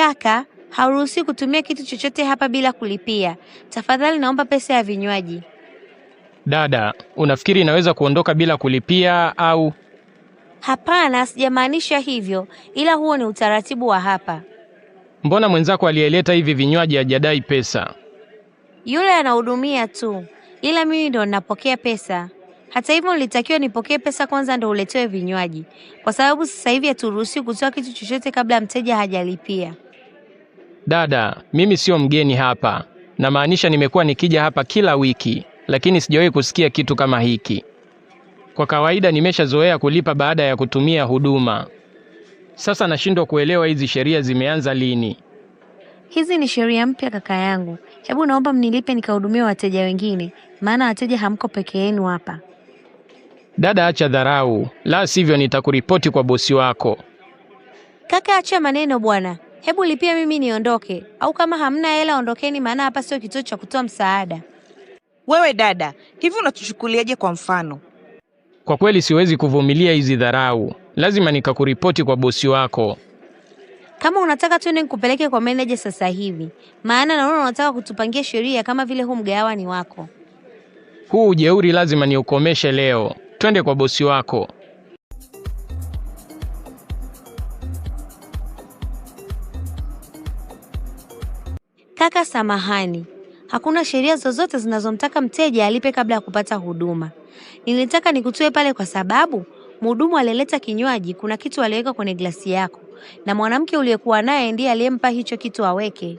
Kaka, hauruhusiwi kutumia kitu chochote hapa bila kulipia. Tafadhali naomba pesa ya vinywaji. Dada, unafikiri inaweza kuondoka bila kulipia au? Hapana, sijamaanisha hivyo, ila huo ni utaratibu wa hapa. Mbona mwenzako aliyeleta hivi vinywaji hajadai pesa? Yule anahudumia tu, ila mimi ndo ninapokea pesa. Hata hivyo, nilitakiwa nipokee pesa kwanza ndo uletewe vinywaji, kwa sababu sasa hivi haturuhusiwi kutoa kitu chochote kabla mteja hajalipia dada, mimi sio mgeni hapa, namaanisha nimekuwa nikija hapa kila wiki, lakini sijawahi kusikia kitu kama hiki. Kwa kawaida nimeshazoea kulipa baada ya kutumia huduma. Sasa nashindwa kuelewa hizi sheria zimeanza lini. Hizi ni sheria mpya kaka yangu, hebu naomba mnilipe nikahudumia wateja wengine, maana wateja hamko peke yenu hapa. Dada, acha dharau, la sivyo nitakuripoti kwa bosi wako. Kaka, acha maneno bwana hebu lipia mimi niondoke, au kama hamna hela ondokeni, maana hapa sio kituo cha kutoa msaada. Wewe dada, hivi unatuchukuliaje kwa mfano? Kwa kweli siwezi kuvumilia hizi dharau, lazima nikakuripoti kwa bosi wako. Kama unataka twende nikupeleke kwa meneja sasa hivi, maana naona unataka kutupangia sheria kama vile huu mgahawa ni wako. Huu ujeuri lazima niukomeshe leo. Twende kwa bosi wako. Kaka, samahani, hakuna sheria zozote zinazomtaka mteja alipe kabla ya kupata huduma. Nilitaka nikutue pale kwa sababu mhudumu alileta kinywaji, kuna kitu aliweka kwenye glasi yako, na mwanamke uliyekuwa naye ndiye aliyempa hicho kitu aweke.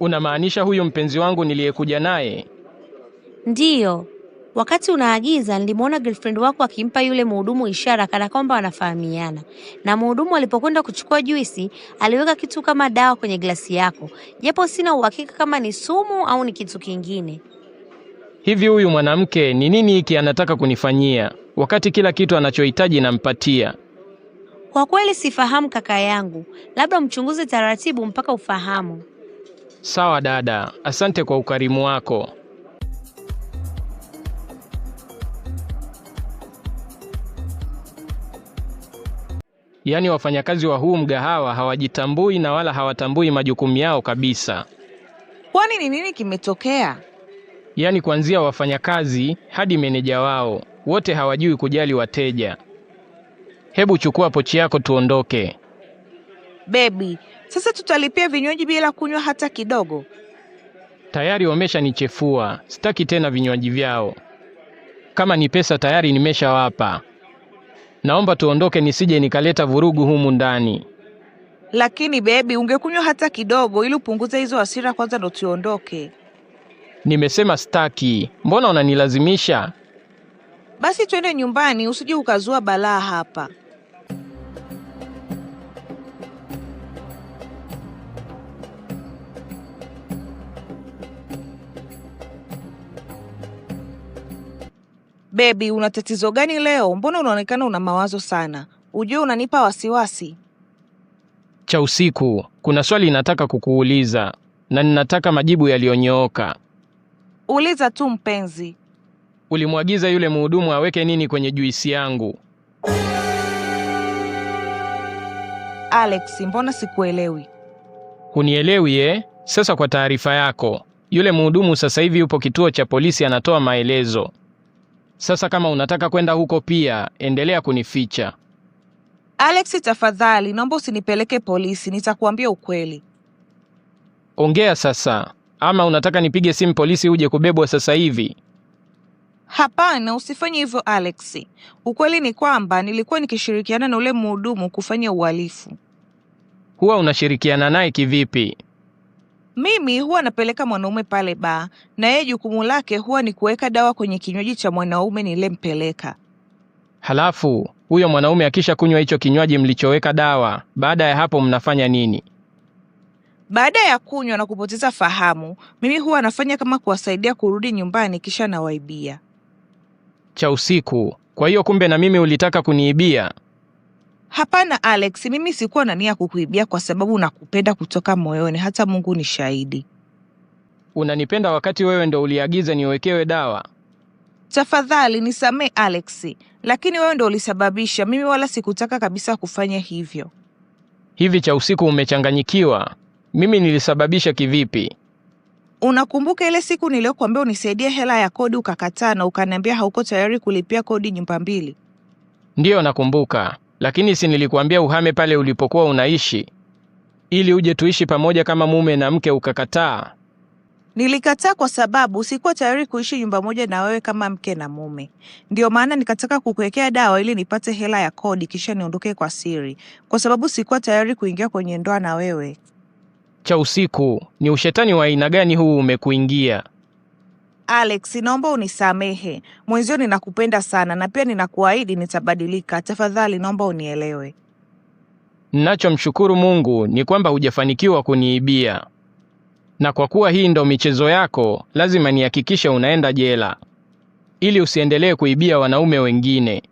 Unamaanisha huyo mpenzi wangu niliyekuja naye? Ndiyo, Wakati unaagiza nilimwona girlfriend wako akimpa yule mhudumu ishara kana kwamba wanafahamiana, na mhudumu alipokwenda kuchukua juisi aliweka kitu kama dawa kwenye glasi yako, japo sina uhakika kama ni sumu au ni kitu kingine. Hivi huyu mwanamke ni nini hiki anataka kunifanyia, wakati kila kitu anachohitaji nampatia? Kwa kweli sifahamu kaka yangu, labda mchunguze taratibu mpaka ufahamu. Sawa dada, asante kwa ukarimu wako. yaani wafanyakazi wa huu mgahawa hawajitambui na wala hawatambui majukumu yao kabisa. Kwani ni nini kimetokea? Yaani kuanzia wafanyakazi hadi meneja wao wote hawajui kujali wateja. Hebu chukua pochi yako tuondoke. Bebi, sasa tutalipia vinywaji bila kunywa hata kidogo? Tayari wameshanichefua, sitaki tena vinywaji vyao. Kama ni pesa tayari nimeshawapa naomba tuondoke, nisije nikaleta vurugu humu ndani. Lakini bebi, ungekunywa hata kidogo ili upunguze hizo hasira kwanza, ndo tuondoke. Nimesema staki, mbona unanilazimisha? Basi twende nyumbani, usije ukazua balaa hapa. Bebi, una tatizo gani leo? Mbona unaonekana una mawazo sana? Ujue unanipa wasiwasi. Cha usiku, kuna swali nataka kukuuliza na ninataka majibu yaliyonyooka. Uliza tu mpenzi. Ulimwagiza yule mhudumu aweke nini kwenye juisi yangu? Alex, mbona sikuelewi? Hunielewi eh? Sasa kwa taarifa yako, yule mhudumu sasa hivi yupo kituo cha polisi anatoa maelezo. Sasa kama unataka kwenda huko pia, endelea kunificha. Alex, tafadhali naomba usinipeleke polisi, nitakuambia ukweli. Ongea sasa, ama unataka nipige simu polisi uje kubebwa sasa hivi? Hapana, usifanye hivyo Alex. Ukweli ni kwamba nilikuwa nikishirikiana na ule mhudumu kufanya uhalifu. Huwa unashirikiana naye kivipi? Mimi huwa napeleka mwanaume pale baa, na yeye jukumu lake huwa ni kuweka dawa kwenye kinywaji cha mwanaume nilempeleka Halafu huyo mwanaume akisha kunywa hicho kinywaji mlichoweka dawa, baada ya hapo mnafanya nini? Baada ya kunywa na kupoteza fahamu, mimi huwa nafanya kama kuwasaidia kurudi nyumbani, kisha nawaibia cha usiku. Kwa hiyo kumbe na mimi ulitaka kuniibia? Hapana Alex, mimi sikuwa na nia kukuibia kwa sababu nakupenda kutoka moyoni, hata Mungu ni shahidi. Unanipenda wakati wewe ndo uliagiza niwekewe dawa. Tafadhali nisamee Alex, lakini wewe ndo ulisababisha. Mimi wala sikutaka kabisa kufanya hivyo. Hivi cha usiku umechanganyikiwa, mimi nilisababisha kivipi? Unakumbuka ile siku niliyokuambia unisaidie hela ya kodi ukakataa na ukaniambia hauko tayari kulipia kodi nyumba mbili? Ndiyo nakumbuka. Lakini si nilikuambia uhame pale ulipokuwa unaishi ili uje tuishi pamoja kama mume na mke, ukakataa? Nilikataa kwa sababu sikuwa tayari kuishi nyumba moja na wewe kama mke na mume. Ndio maana nikataka kukuwekea dawa ili nipate hela ya kodi, kisha niondoke kwa siri, kwa sababu sikuwa tayari kuingia kwenye ndoa na wewe. Cha usiku ni ushetani wa aina gani huu umekuingia? Alex, naomba unisamehe mwenzio, ninakupenda sana na pia ninakuahidi nitabadilika. Tafadhali naomba unielewe. Ninachomshukuru Mungu ni kwamba hujafanikiwa kuniibia, na kwa kuwa hii ndo michezo yako, lazima nihakikishe unaenda jela ili usiendelee kuibia wanaume wengine.